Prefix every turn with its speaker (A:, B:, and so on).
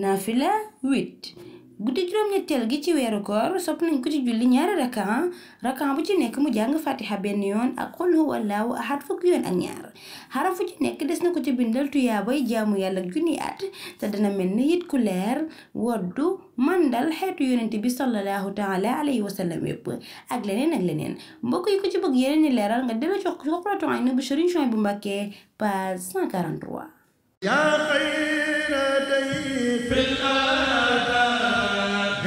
A: nafila 8 guddi juróom-ñetteel gi ci weeru koor sopp nañ ko ci julli ñaari rakan rakan bu ci nekk mu jàng fatiha benn yoon ak qul huwallahu ahad fukki yoon ak ñaar xarafu ci nekk des na ko ci bindal tuyaabay jaamu yàlla junni at te dana mel ni it ku leer woddu mandal xeetu yonent bi sallallahu taala alayhi wa sallam yëpp ak leneen ak leneen mbokk yi ko ci bëgg yeneen ni leeral nga delloo ci Xukuratul Ayni bu Sëriñ Suwaybu bu Mbàkke page
B: 143